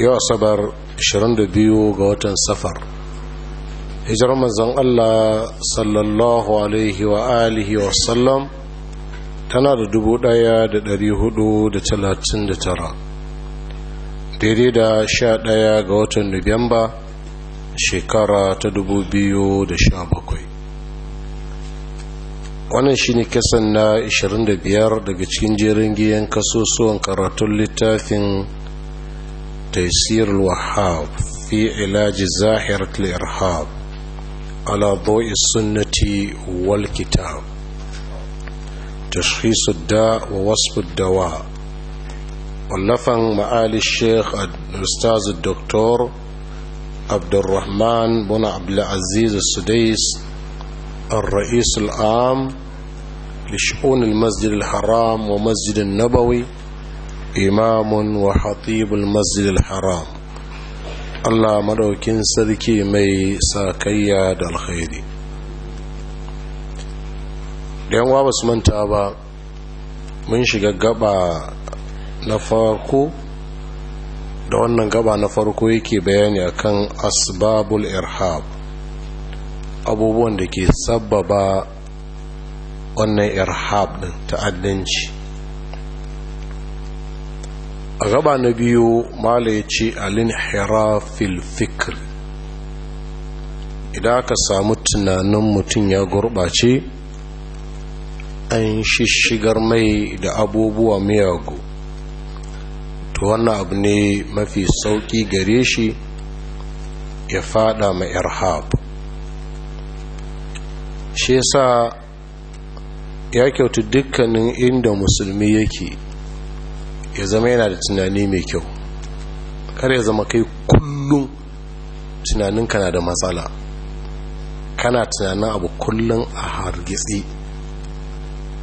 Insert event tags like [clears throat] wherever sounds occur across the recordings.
yau asabar 22 ga watan safar hijirar manzan Allah sallallahu alaihi wa alihi wa sallam tana da 1439 daidai da 11 ga watan nuwamba shekara ta 2017 wannan shi ne kisan na 25 daga cikin jerin giyan kasusuwan karatun littafin تيسير الوهاب في علاج زاهرة الإرهاب على ضوء السنة والكتاب تشخيص الداء ووصف الدواء ولفن معالي الشيخ الأستاذ الدكتور عبد الرحمن بن عبد العزيز السديس الرئيس العام لشؤون المسجد الحرام ومسجد النبوي imamun wa hatibul masjidil haram Allah madaukin sarki mai sakayya da alkhairi da yan wawa su manta ba mun shiga gaba na farko da wannan gaba na farko yake bayani akan asbabul irhab abubuwan da ke sabbaba wannan irhab din ta'addanci a gaba na biyu mala ya ce alin hirafil fikir idan aka samu tunanin mutum ya gurɓace an shishigar mai da abubuwa miyagu to wannan abu ne mafi sauƙi gare shi ya fada ma irhab shi yasa ya kyautu dukkanin inda musulmi yake ya zama yana da tunani mai kyau kar ya zama kai kullum tunaninka na da matsala kana tunanin abu kullum a hargitsi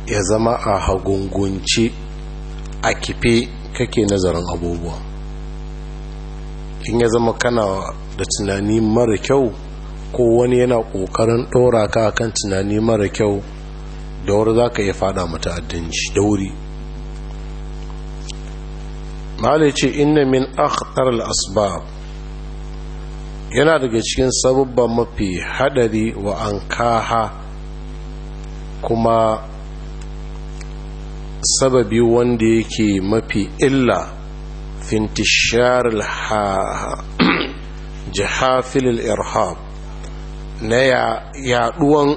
ya zama a hagungunci a kife kake nazarin abubuwa in ya zama kana da tunani mara kyau ko wani yana ƙoƙarin ɗora ka kan tunani mara kyau da wuri za ka iya fada mata addinci da wuri malai ce inna min akhtar al-asbab yana daga cikin sababban mafi hadari wa an kaha kuma sababi wanda yake mafi illa fintishar jihafil irhab na yaduwan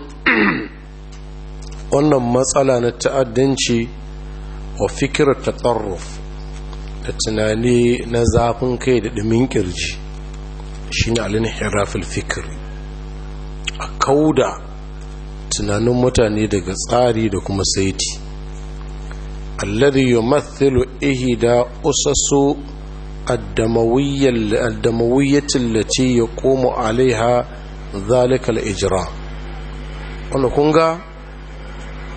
[clears throat] wannan matsala na ta'addanci wa fikirar tatsarruf da tunani na zafin kai da dumin ƙirji shi ne alin hirafil fikiri a kauda tunanin mutane daga tsari da kuma saiti alladhi yumathilu ihda usasu addamawiyyatin lati ya komo alaiha zalikal ijira wanda kunga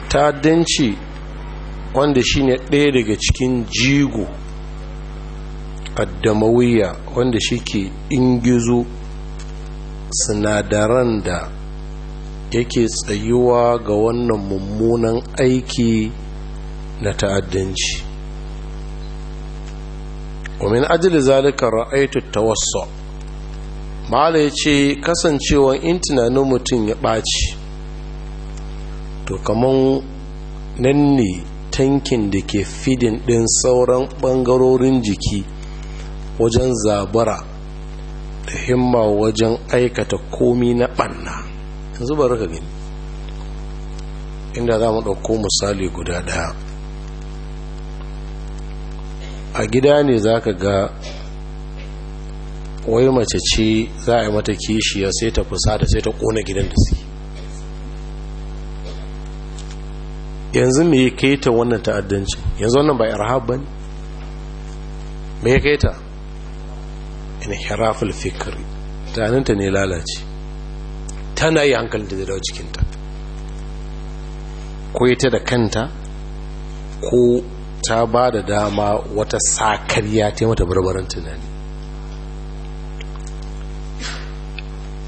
ta danci wanda shine ɗaya daga cikin jigo addamawiyya wanda shi ke ingizo sinadaran da yake tsayuwa ga wannan mummunan aiki na ta'addanci ومن أجل ذلك ta Wasu. mala ya ce kasancewa in tunanin mutum ya ɓaci to kamar nan ne tankin da ke fidin ɗin sauran ɓangarorin jiki wajen zabara da himma wajen aikata komi na ɓanna yanzu ba raka gani inda za mu ɗauko misali guda ɗaya a gida ne za ka ga wai mace ce za a yi mata kishiya sai ta fusata sai ta ƙona gidan da su yanzu me ya kai ta wannan ta'addanci yanzu wannan ba rahab ba ne me ya kai ta inhiraful fikri tunaninta ne lalace tana yi hankalinta zai dawo cikinta ko ita da kanta ko ta ba da dama wata sakariya ta mata barbaran tunani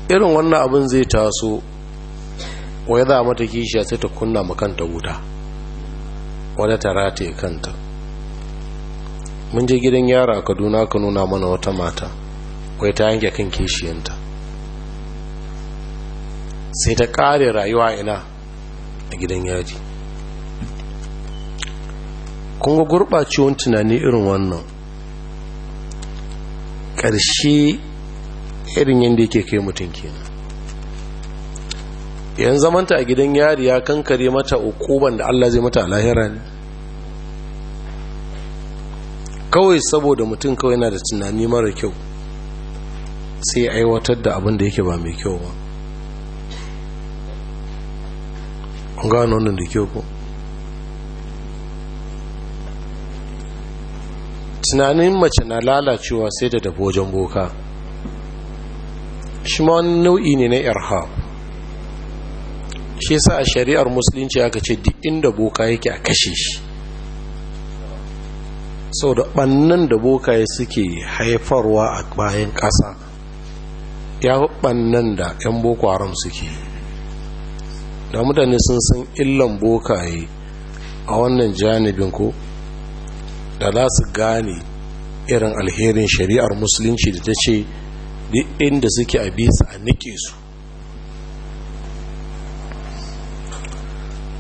irin wannan abin zai taso wai za mata kishiya sai ta kunna makanta wuta wadda ta rataye kanta mun je gidan yara a kaduna ka nuna mana wata mata wai ta yanke kan kishiyanta sai ta kare rayuwa ina a gidan yaji kun ga gurɓacewan tunani irin wannan ƙarshe irin yadda yake kai mutum kenan yan zamanta a gidan yari ya kankare mata ukuban da Allah zai mata lahira ne kawai saboda mutum kawai yana da tunani mara kyau sai aiwatar da abin da yake ba mai kyau ba gano wannan da kyau ko tunanin mace na lalacewa sai da dabojen boka shi ma wani nau'i ne na irha shi sa a shari'ar musulunci aka ce duk inda boka yake a kashe shi sau da ɓannan da bokaye suke haifarwa a bayan ƙasa ya nan da 'yan boko haram suke da mutane sun san illan bokaye a wannan janibin ko da za su gane irin alherin shari'ar musulunci da ta ce duk inda suke a bisa a nike su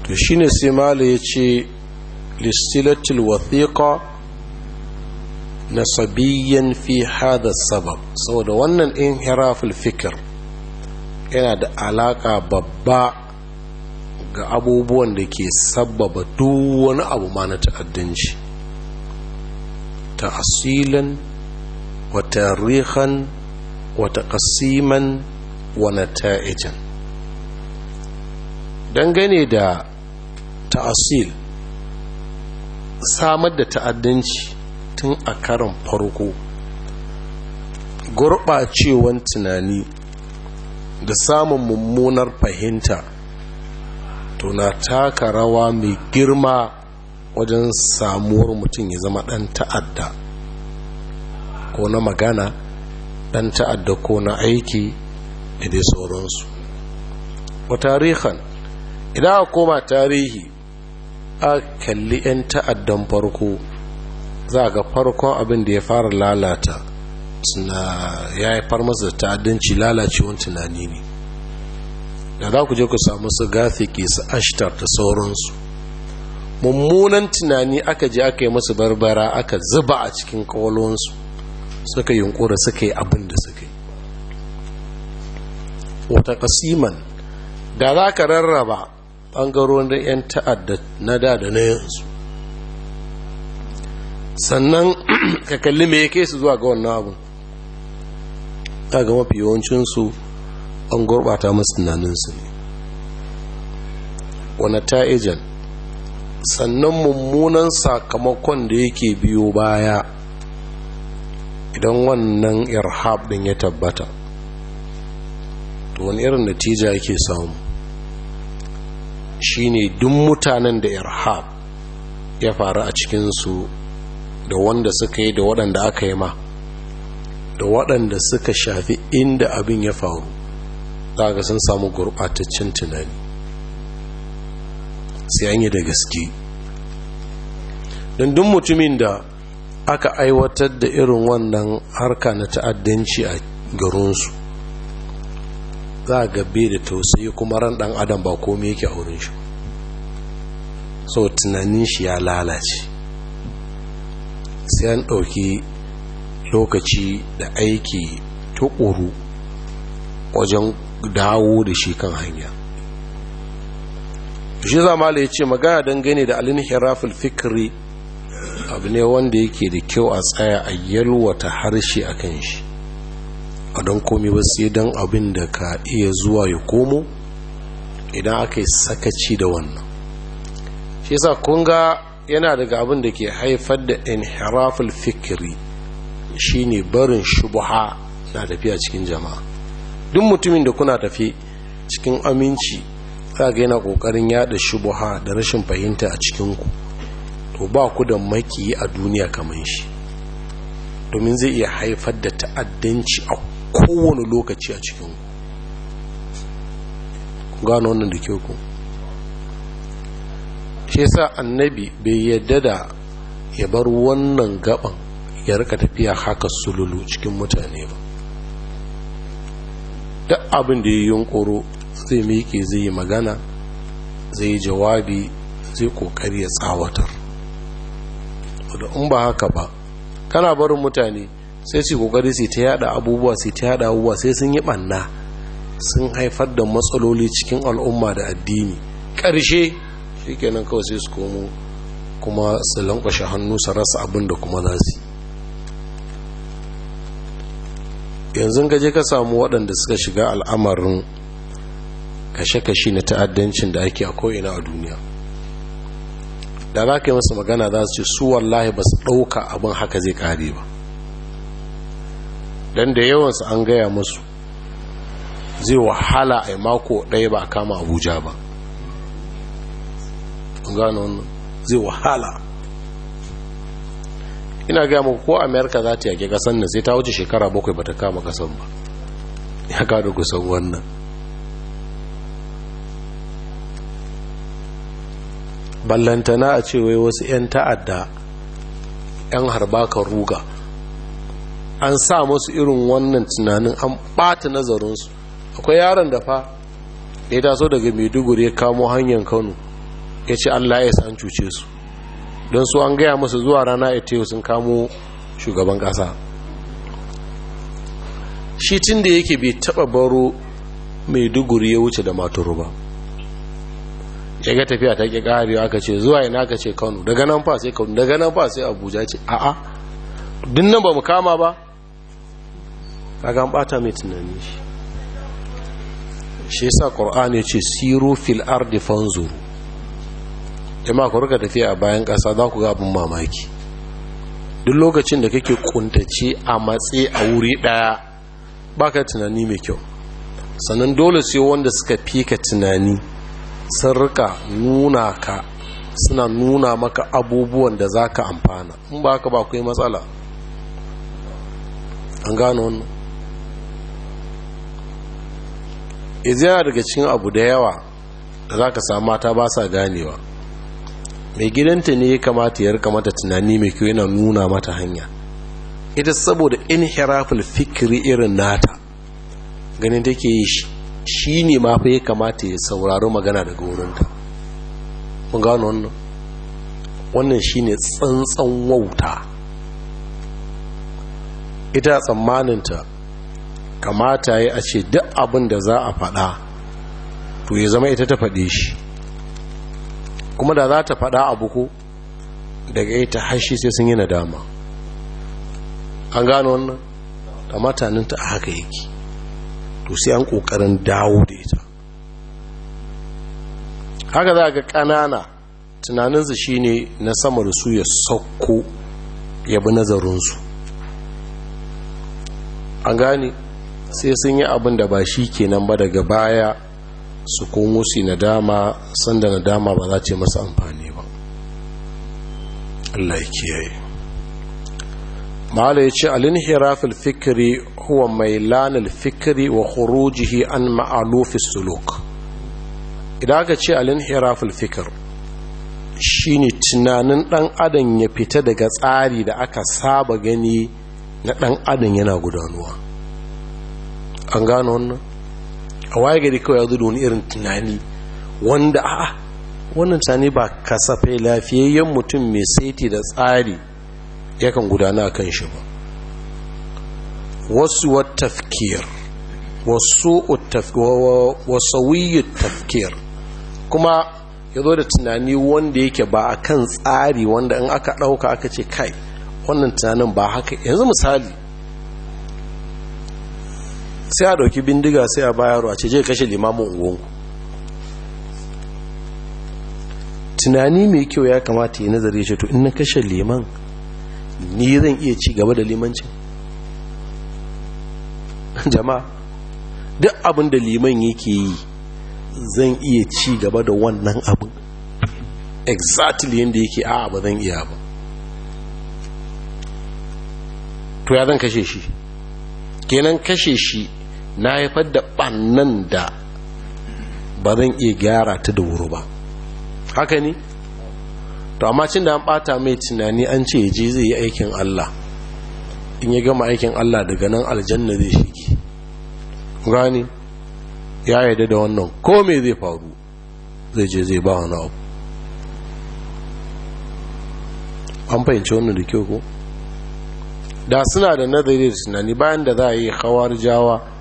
to shine sai mala ya ce listilatul wathiqa na sabiyan fi hada sabab saboda wannan inhiraful fikir yana da alaka babba ga abubuwan da ke sababa duk wani abu ma na ta'addanci ta'asilan wa tarihan wa taqsiman wa nata'ijan dangane da ta'asil samar da ta'addanci tun a karon farko gurɓacewan tunani da samun mummunar fahimta to na taka rawa mai girma wajen samuwar mutum ya zama ɗan ta'adda ko na magana ɗan ta'adda ko na aiki da dai sauransu wa tarihan idan a koma tarihi a kalli 'yan ta'addan farko za ga farkon abin da ya fara lalata suna ya haifar masa da ta'addanci lalacewar tunani ne da za ku je ku samu su ke su ashtar da sauransu mummunan tunani aka je aka yi masu barbara aka zuba a cikin kawalonsu suka yunkura suka yi abin da suka yi wata kasiman da za ka rarraba ɓangarorin 'yan ta'adda na da da na yansu sannan [clears throat] ka kalli me ya su zuwa ga wannan abu ta ga mafi yawancinsu an gurɓata masu tunaninsu ne wani ta'ijan sannan mummunan sakamakon da yake biyo baya idan wannan irhab din ya tabbata to wani irin natija yake samu shine duk mutanen da irhab ya faru a cikinsu da wanda suka yi da waɗanda aka yi ma da waɗanda suka shafi inda abin ya faru za ga sun samu gurɓataccen tunani sai an yi da gaske dundun mutumin da aka aiwatar da irin wannan harka na ta'addanci a garinsu za ga bai da tausayi kuma ran ɗan adam ba komai yake a wurin shi so tunanin shi ya lalace sai an ɗauki lokaci da aiki tukuru wajen dawo da shi kan hanya shi zamala ya ce magana dangane da alin hirafin fikiri abu ne wanda yake da kyau a tsaya a yalwata harshe a kan shi a don komi ba sai don abin da ka iya zuwa ya komo idan aka yi sakaci da wannan shi sa kun ga yana daga abin da ke haifar da inhiraful fikiri shine barin shubuha na tafiya cikin jama'a duk mutumin da kuna tafi cikin aminci zaga yana kokarin yada shubuha da rashin fahimta a cikinku, to ba ku da maki a duniya kamar shi domin zai iya haifar da ta'addanci a kowane lokaci a cikinku. ku gano wannan da kyau ku shi yasa annabi bai yadda da ya bar wannan gaban ya rika tafiya haka sululu cikin mutane ba duk abin da ya yi yunkuru zai miƙe zai yi magana zai yi jawabi zai ƙoƙari ya tsawatar wadda in ba haka ba kana barin mutane sai su kokari sai ta yada abubuwa sai ta yada abubuwa sai sun yi ɓanna sun haifar da matsaloli cikin al'umma da addini ƙarshe shikenan kawai sai su komo kuma su lankwashe hannu su rasa abin da kuma za su yanzu gaje ka samu waɗanda suka shiga al'amarin kashe-kashe na ta'addancin da ake a ko'ina a duniya da za ka yi masu magana za su ce su wallahi ba su ɗauka abin haka zai kare ba don da yawansu an gaya musu zai wahala a mako ɗaya ba kama abuja ba gano wannan zai wahala ina gaya muku ko america za ta yake kasan nan sai ta wuce shekara bakwai ba ta kama kasan ba ya kada kusan wannan ballantana a ce wai wasu 'yan ta'adda 'yan harbaka ruga an sa masu irin wannan tunanin an ɓata nazarinsu akwai yaron da fa ya taso daga maiduguri ya kamo hanyar kano ya ce allah ya san cuce su don su an gaya masu zuwa rana ita yau sun kamo shugaban kasa shi tun da yake bai taɓa baro mai duguri ya wuce da maturu ba ya ga tafiya ta ƙi ƙari aka ce zuwa yana aka ce kano daga nan fa sai kano daga nan fa sai abuja ce a'a duk nan ba mu kama ba a an bata mai tunani shi shi sa ƙur'an ya ce siru fil ardi fanzuru jama'a ku rika tafiya a bayan ƙasa za ku ga abin mamaki duk lokacin da kake kuntace a matse a wuri ɗaya baka tunani mai kyau sannan dole sai wanda suka fika ka tunani sun rika nuna ka suna nuna maka abubuwan da za ka amfana in ba ka ba ku yi matsala an gano wannan izina daga cikin abu da yawa da za ka samu mata ba sa ganewa mai gidanta ne ya kamata ya rika mata tunani mai kyau yana nuna mata hanya ita saboda inhiraful fikiri irin nata ganin ke yi shi ne ma ya kamata ya saurari magana daga wurinta mun gano wannan wannan ne tsantsan wauta ita tsammaninta kamata ya a ce duk abin da za a faɗa to ya zama ita ta faɗe shi kuma da za ta faɗa a ko daga ita hashi sai sun yi nadama an gano wannan da mataninta a haka yake to sai an ƙoƙarin dawo da ita haka za a ga ƙanana tunaninsu shine na sama da su ya sauko ya bi nazarinsu an gane sai sun yi abin da ba shi kenan ba daga baya su komo na nadama sanda nadama ba za ce masa amfani ba Allah ya kiyaye ma'ala ya ce alinhirafil fikiri huwa mai lanar fikiri wa khurujihi an ma'alufis suluk idan aka ce alinhirafil fikir shine tunanin dan adam ya fita daga tsari da aka saba gani na dan adam yana gudanuwa an gano wannan a waye gari kawai ya wani irin tunani wanda a'a wannan tunani ba kasafai lafiyayyen mutum mai saiti da tsari yakan gudana a kan shi ba wasu wa tafkir wasu tafkir kuma ya zo da tunani wanda yake ba a kan tsari wanda in aka ɗauka aka ce kai wannan tunanin ba haka yanzu misali sai a ɗauki bindiga sai a bayarwa ce je kashe limamin unguwanku tunani mai kyau ya kamata yi nazari shi to in na kashe liman ni zan iya ci gaba da limancin [laughs] jama'a duk abin da liman yake yi zan iya ci gaba da wannan abin exactly yadda yake a ba zan iya ba to ya zan kashe shi kenan kashe shi na haifar da ɓannan da ba zan iya gyara ta da wuri ba haka ne to amma cin da an ɓata mai tunani an ce ya je zai yi aikin allah in ya gama aikin allah daga nan aljanna zai shige gani ya yarda da wannan ko me zai faru zai je zai ba wani abu an fahimci wannan da kyau ko da suna da nazari da tunani bayan da za a yi hawar jawa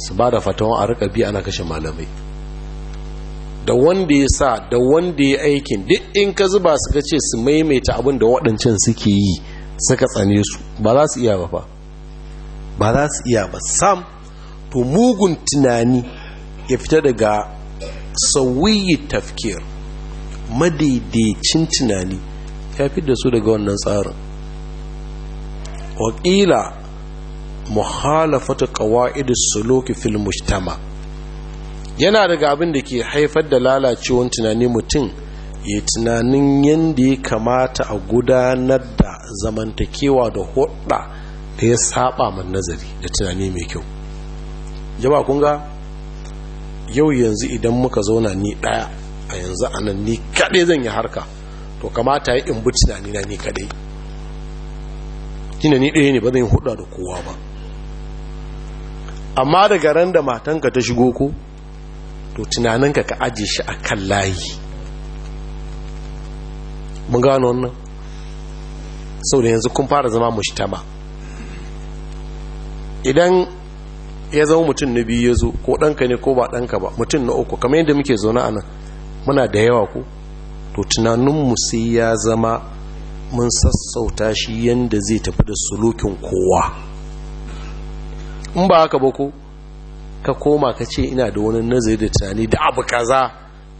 su ba da fatawa a rika bi ana kashe malamai da wanda ya sa da wanda ya aikin duk in ka zuba su ka ce su maimaita abin da waɗancan suke yi suka tsane su ba za su iya ba fa ba za su iya ba sam to mugun tunani ya fita daga sauyi tafkir madaidaicin tunani ya fi da su daga wannan tsarin wakila muhalafatu qawaidus suluki fil mujtama yana daga abin da ke haifar da lalacewar tunani mutum ya tunanin yadda ya kamata a gudanar da zamantakewa da hudda da ya saba man nazari da tunani mai kyau jama ga yau yanzu idan muka zauna ni daya a yanzu anan ni kadai zan yi harka to kamata ya in tunani na ni kadai kina ni ɗaya ne ba zan yi hudda da kowa ba amma daga ran da matanka ta shigo ko to tunaninka ka aje shi a kan layi mun gano wannan sau da yanzu kun fara zama mushtama idan ya zama mutum na biyu ya zo ko ɗanka ne ko ba ɗanka ba mutum na uku kamar yadda muke zaune a nan muna da yawa ko to tunaninmu sai ya zama mun sassauta shi yadda zai tafi da sulukin kowa in ba haka ba ko ka koma ka ce ina da wani nazari da tunani da abu kaza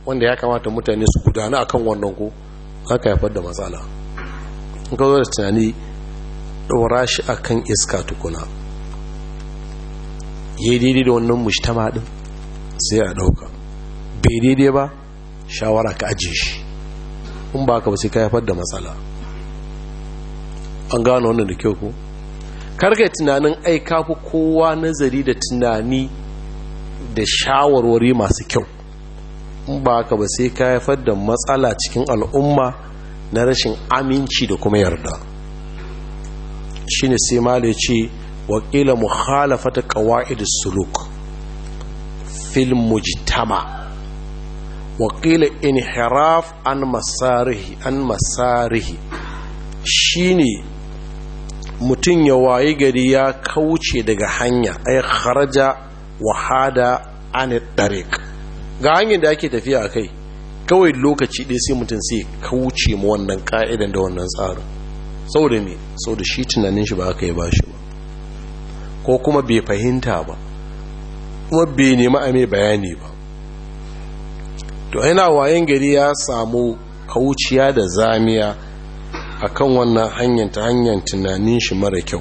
wanda ya kamata mutane su gudana akan wannan ko haka haifar da matsala in ka zo da tunani wara shi akan iska tukuna yi daidai da wannan mujtama din sai a ɗauka bai daidai ba shawara ka ajiye shi in ba ka ba sai ka haifar da matsala an gano wannan da kyau ko yi tunanin ai kafi kowa nazari da tunani da shawarwari masu kyau in ba ka ba sai ka haifar da matsala cikin al'umma na rashin aminci da kuma yarda shine sai ma da ce wakila mu mukhalafata qawaid suluk fil mujtama wakila inhiraf an masarihi an masarihi shine mutum ya wayi gari ya kauce daga hanya a ya kharaja wahada an tariq ga hanyar da ake tafiya a kai kawai lokaci ɗaya sai mutum sai kauce mu wannan ka'idan da wannan tsarin sau da me sau da shi tunanin shi ba aka yi bashi ba ko kuma bai fahimta ba kuma bai nemi a mai bayani ba to yana wayan gari ya samu kauciya da zamiya A kan wannan hanyar ta hanyar tunanin shi mara kyau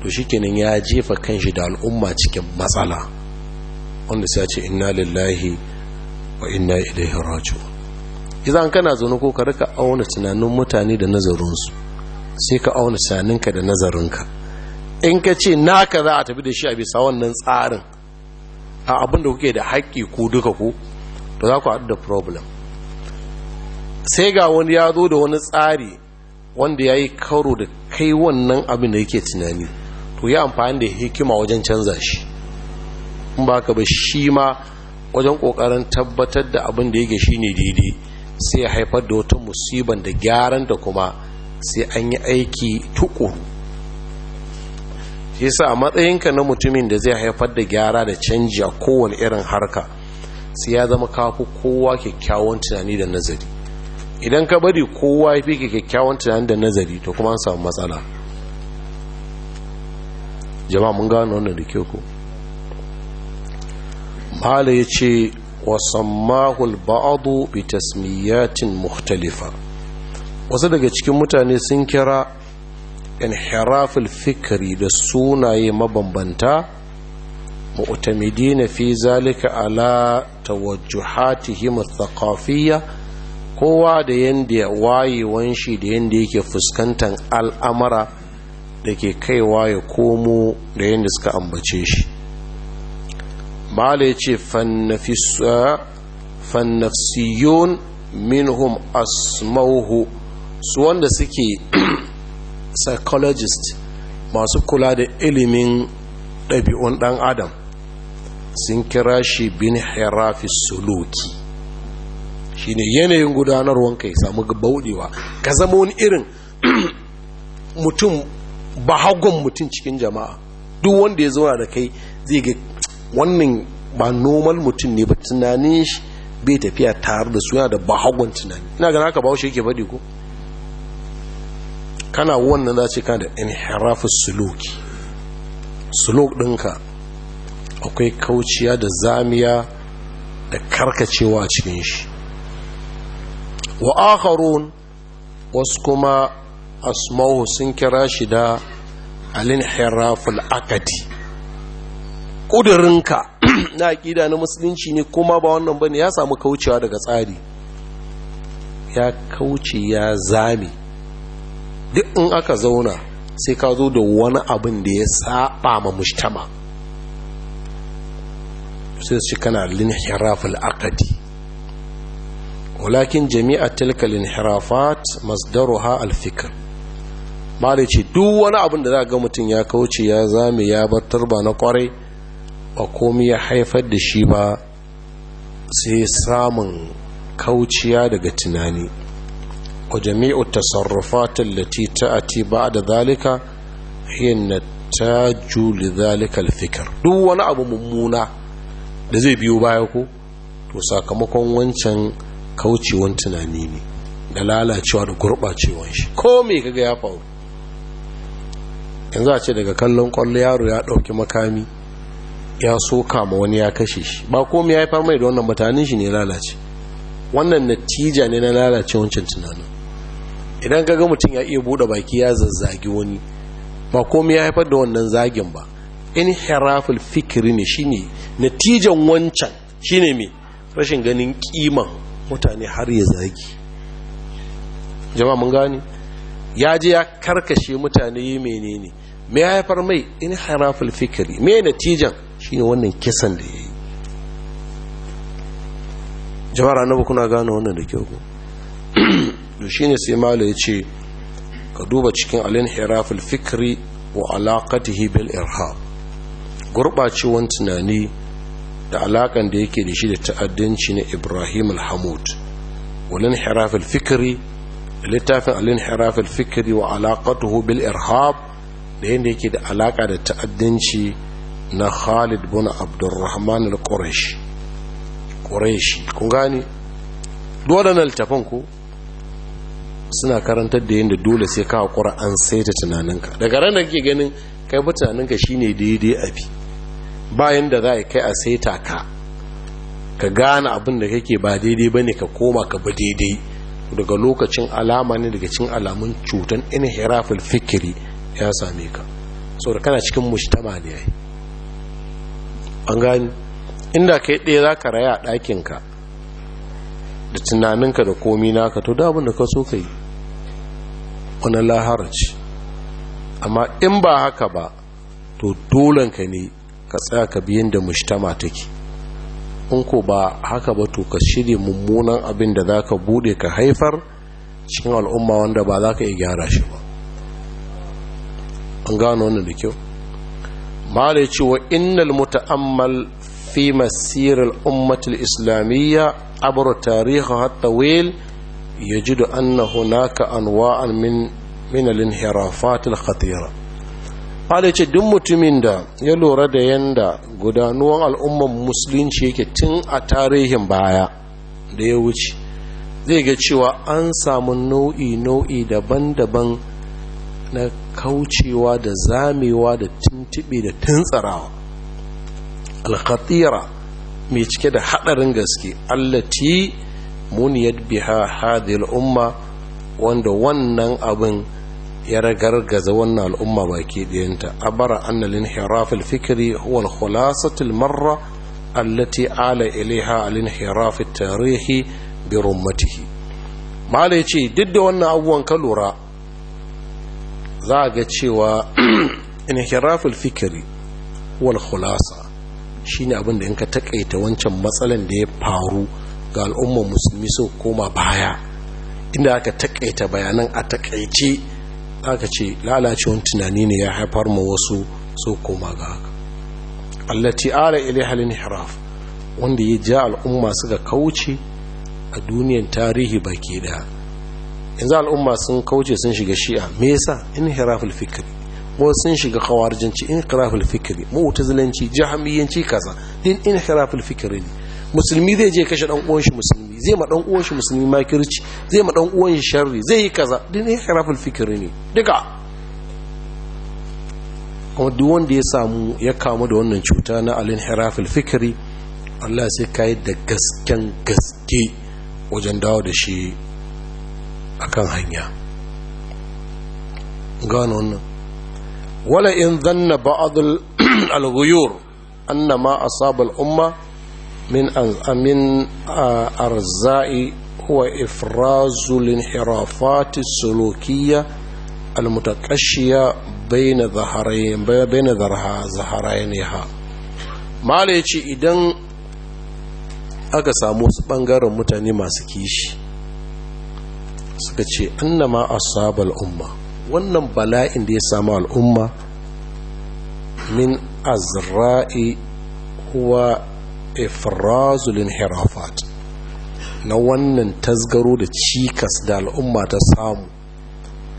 to shikenan ya jefa kanshi da al'umma cikin matsala wanda sai ce inna lillahi wa inna ilaihi raji'un idan kana zaune ko ka rika auna tunanin mutane da nazarinsu sai ka auna tunaninka da nazarinka in ka ce naka za a tafi da shi a bisa wannan tsarin a abin da kuke da haƙƙi ko duka ko to za ku haɗu da problem sai ga wani ya zo da wani tsari wanda ya yi karo da kai wannan abin da yake tunani to yi amfani da hikima wajen canza shi in ba ka ba shi ma wajen kokarin tabbatar da abin da yake ne daidai sai ya haifar da wata musiban da gyaran da kuma sai an yi aiki tukuru shi sa a matsayinka na mutumin da zai haifar da gyara da canji a kowane irin harka sai ya zama kafu kowa kyakkyawan tunani da nazari idan ka bari kowa ya fi kyakkyawan tunanin da nazari to kuma an samu matsala jama'a mun gano wannan da kyau ko mahala ya ce wasammahul ba'adu bi tasmiyatin muhtalifa wasu daga cikin mutane sun kira inhiraful fikiri da sunaye mabambanta mu'tamidina fi zalika ala tawajjuhatihim ath kowa da yadda wayewan shi da yadda yake fuskantar al'amara da ke kaiwa ya komo da yadda suka ambace shi bala ya ce fannafisiyon minhum asmauhu su wanda suke [clears throat] psychologist masu kula da ilimin ɗabi'un ɗan adam sun kira shi bin herafi suluki shine yanayin gudanarwan ka ya samu bauɗewa ka zama wani irin [clears throat] mutum bahagon mutum cikin jama'a duk wanda ya zauna da kai zai ga wannan ba normal mutum ne ba tunanin shi bai tafiya tare da suna da bahagon tunani ina gana ka shi yake faɗi ko kana wannan za ce kana da inhirafi suloki sulok ɗinka akwai kauciya da zamiya da karkacewa cikin shi wa akharun wasu kuma asmahu sun kira shi da al-inhiraful akadi ƙudurinka [clears throat] na aƙida na musulunci ne kuma ba wannan bane ya samu kaucewa daga tsari ya kauce ya zame duk in aka zauna sai ka zo da wani abin da ya saba ma mushtama sai su kana linhiraful akadi walakin jami'a tilkal inhirafat masdaruha al-fikr malai ce duk wani abin da za ga mutum ya kauce ya zame ya bartar ba na kwarai ba komai ya haifar da shi ba sai samun kauciya daga tunani wa jami'u tasarrufat allati ta'ati ba'da zalika hinna nataju li zalika al duk wani abu mummuna da zai biyo baya ko to sakamakon wancan kaucewan tunani ne da lalacewa da gurɓacewan shi ko me kaga ya faru yanzu a ce daga kallon kwallo yaro ya ɗauki makami ya soka ma wani ya kashe shi ba komi ya haifar mai da wannan mutanen shi ne lalace wannan natija ne na lalace wancan tunanin idan kaga mutum ya iya buɗe baki ya zazzagi wani ba komi ya haifar da wannan zagin ba in harafin fikiri ne shine natijan wancan shine mai rashin ganin kiman mutane har ya zagi jama'a mun gani ya je ya karkashe mutane yi menene me ya haifar mai in harafin fikiri me natijan shine wannan kisan da ya yi jama'a annabi kuna gano wannan da kyau ku shi ne sai Malo ya ce ka duba cikin alin harafin fikiri wa alaƙatihi bil irhab gurɓacewan tunani da alakan da yake da shi da ta'addanci na ibrahim al-hamud walin hirafin fikiri littafin alin hirafin fikiri wa alaƙatuhu bil irhab da yadda yake da alaƙa da ta'addanci na khalid bin abdurrahman al-qurashi qurashi kun gani waɗannan littafin ku suna karantar da yadda dole sai ka kura an saita tunaninka daga ranar ke ganin kai mutanenka tunaninka shine daidai abi bayan da za a kai a saita ka ka gane abin da kake ba daidai ba ne ka koma ka ba daidai daga lokacin alama ne daga cin alamun cutan inhirafil fikiri ya same ka da kana cikin mujtama ne ai an gani inda kai ɗaya za ka raya a ɗakinka da tunaninka da komi naka to da abin da ka so ka yi wani laharaci amma in ba haka ba to dolanka ne ka tsaya ka biyan da mushtama take in ko ba haka ba to ka shirya mummunan abin da za ka bude ka haifar cikin al'umma wanda ba za ka iya gyara shi ba an gano wannan da kyau mala ya ce wa innal muta'ammal fi masirar ummatul islamiyya abar tarihi hatta wil yajidu annahu naka anwa'an min min al-inhirafat al-khatira fada ce duk mutumin da ya lura da yanda gudanuwan al'umman musulunci yake tun a tarihin baya da ya wuce zai ga cewa an samu nau'i nau'i daban-daban na kaucewa da zamewa da tuntubi da tuntsarawa alkhatira mai cike da haɗarin gaske allati muniyat biha hadhihi al'umma wanda wannan abin ya ragargaza wannan al'umma baki ɗayanta bara annalin hirafil fikiri huwal khulasatul marra allati ala ilaiha alin hirafil tarihi bi rummatihi mala ce duk da wannan abubuwan ka lura za ga cewa in [clears throat] inhirafil fikiri wal khulasa shine abin da in ka takaita wancan matsalan da ya faru ga al'ummar musulmi so koma baya inda aka takaita bayanan a takaice aka ce lalacewan tunani ne ya haifar ma wasu so koma ga haka allati ala ilaihal inhiraf wanda ya ja al'umma suka kauce a duniyar tarihi baki da yanzu al'umma sun kauce sun shiga shi'a me yasa inhiraful fikri ko sun shiga khawarijinci inhiraful fikri mu'tazilanci jahmiyanci kaza din inhiraful fikri ne musulmi zai je kashe dan uwan shi musulmi zai ma dan uwan shi musulmi makirci zai ma dan uwan shi sharri zai yi kaza din ne khilaful fikri ne duka kuma duk wanda ya samu ya kamu da wannan cuta na alin khilaful fikri Allah sai ka yi da gasken gaske wajen dawo da shi akan hanya gano wannan wala in zanna ba'd [clears throat] al-ghuyur annama asaba al-umma min من ah, ah, arza'i هو ifrazul الانحرافات as-sulukiyya بين ظهرين بين dhahrayn bayna dhahrayniha mala yace idan aka samu wasu ɓangaren mutane masu kishi suka ce annama asabal umma wannan bala'in da ya samu al'umma min azra'i huwa ifrazul inhirafat na wannan tasgaro da cikas da al'umma ta samu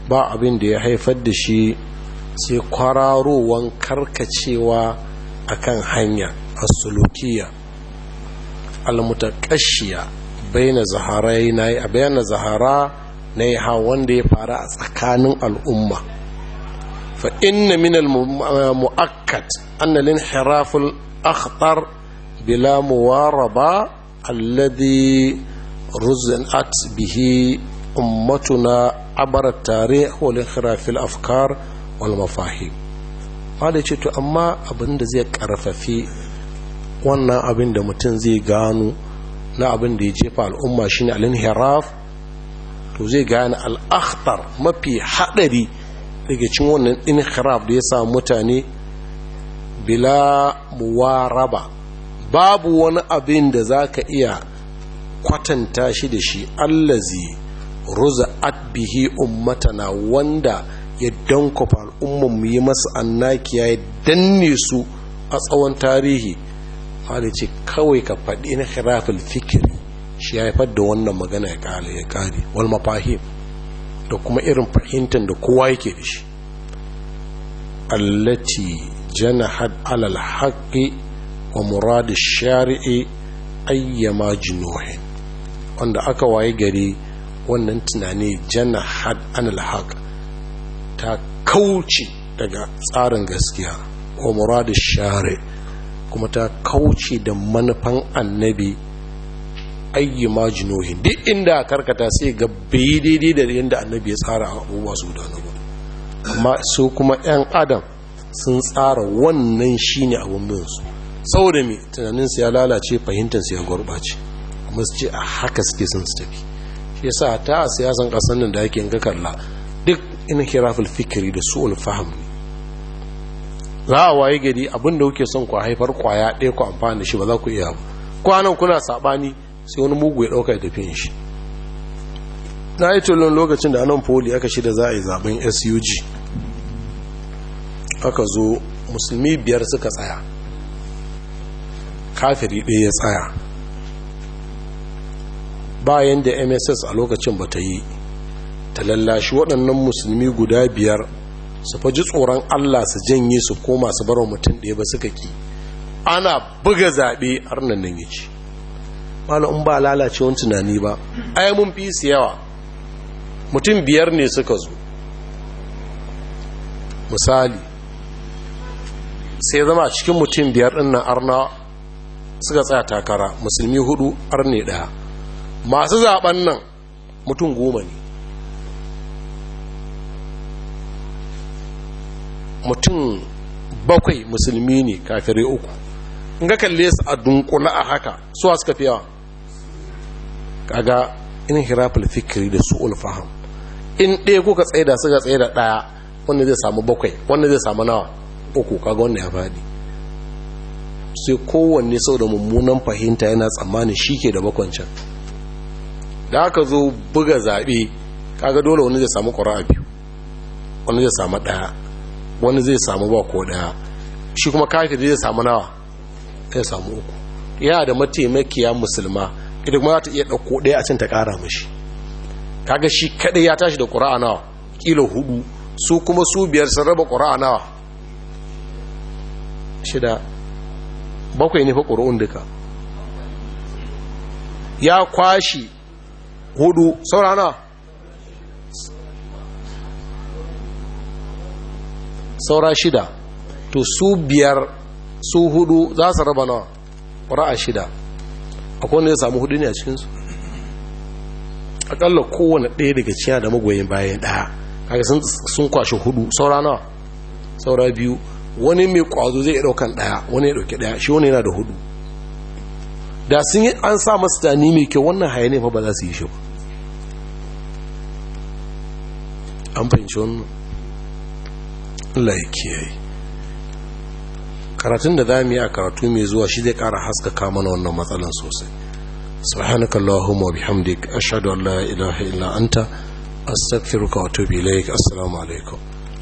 ba abin da ya haifar da shi sai kwararowan karkacewa akan hanya asulukiya almutakashiya baina zaharai na yi a bayan zahara na yi wanda ya fara a tsakanin al'umma fa inna min al-mu'akkad annalin hiraful akhtar bila muwaraba alladhi ruzanat bihi ummatuna abara tare wal ikhrafil afkar wal mafahim wanda ce to amma abin da zai karfafi wannan abin da mutum zai gano na abin da ya jefa al'umma shine al-inhiraf to zai gane al mafi haɗari daga cikin wannan inhiraf da ya sa mutane bila muwaraba babu wani abin da za ka iya kwatanta shi da shi allazi ruza bihi ummatana wanda ya dankofa al'ummanmu yi masu annakiya ya danne su a tsawon tarihi hali ce kawai ka faɗi na khirafil fikir. shi ya haifar da wannan magana ya ƙare ya ƙare wal mafahim da kuma irin fahimtar da kowa yake da shi allati jana had alal haƙi wa murad shari'i ayyama junuhin wanda aka waye gari wannan tunani jana had anil ta kauce daga tsarin gaskiya wa muradi share kuma ta kauce da manufan annabi ayyi majinuhin duk inda karkata sai ga bai daidai da yadda annabi ya tsara abubuwa su da na amma su kuma 'yan adam sun tsara wannan shine abin su. saboda mai tunaninsu ya lalace fahimtarsu ya gwarbace kuma su ce a haka suke sun su tafi shi sa ta a siyasan ƙasar nan da ake yin kalla duk ina kirafin fikiri da su fahim ne za a waye gari abin da kuke son ku haifar kwaya ɗaya ku amfani da shi ba za ku iya kwanan kuna saɓani sai wani mugu ya ɗauka ya tafiyan shi na yi tullun lokacin da anan poli aka da za a yi zaben sug aka zo musulmi biyar suka tsaya kafiri ɗaya ya tsaya bayan da mss a lokacin ba ta yi ta lallashi waɗannan musulmi guda biyar su faji tsoron allah su janye su ko masu barwa mutum ɗaya ba suka ki ana buga zaɓe har nan nan ya ci ba lalace wani tunani ba ai mun fi su yawa mutum biyar ne suka zo misali sai zama cikin mutum biyar ɗin na arna suka tsaya takara musulmi hudu arne daya masu zaben nan mutum goma ne mutum bakwai musulmi ne kafirai uku in ga kalle su a dunkula a haka suwa suka fi yawa kaga in hirafil fikiri da su faham in ɗaya kuka tsaida suka tsaida ɗaya wanda zai samu bakwai wanda zai samu nawa uku kaga wanda ya faɗi sai kowanne sau da mummunan fahimta yana tsammanin shi ke da makwancan da aka zo buga zaɓe kaga dole wani zai samu ƙura'a biyu wani zai samu ɗaya wani zai samu ba ko ɗaya shi kuma kafin zai samu nawa zai samu uku yana da mataimakiya musulma ita kuma za ta iya ɗauko ɗaya a cin ta ƙara mashi kaga shi kaɗai ya tashi da ƙura'a nawa ƙila hudu su kuma su biyar sun raba ƙura'a nawa shida bakwai ne fa ƙuri'un duka ya kwashi hudu saurana saura shida to su biyar su hudu za su raba nawa ƙura'a shida akwai wanda ya samu hudu ne a cikinsu akalla kowane ɗaya daga ciyar da magoyin bayan ɗaya kaga sun kwashe hudu saura nawa saura biyu wani mai kwazo zai daukan ɗaya, wani ya dauki daya shi wani yana da hudu da sun yi an sa masu tani mai kyau wannan ne fa ba za su yi shi ba an fahimci wannan Allah ya yi karatun da za mu yi a karatu mai zuwa shi zai kara haska mana wannan matsalan sosai سبحانك اللهم وبحمدك أشهد أن لا إله إلا أنت أستغفرك وأتوب إليك السلام عليكم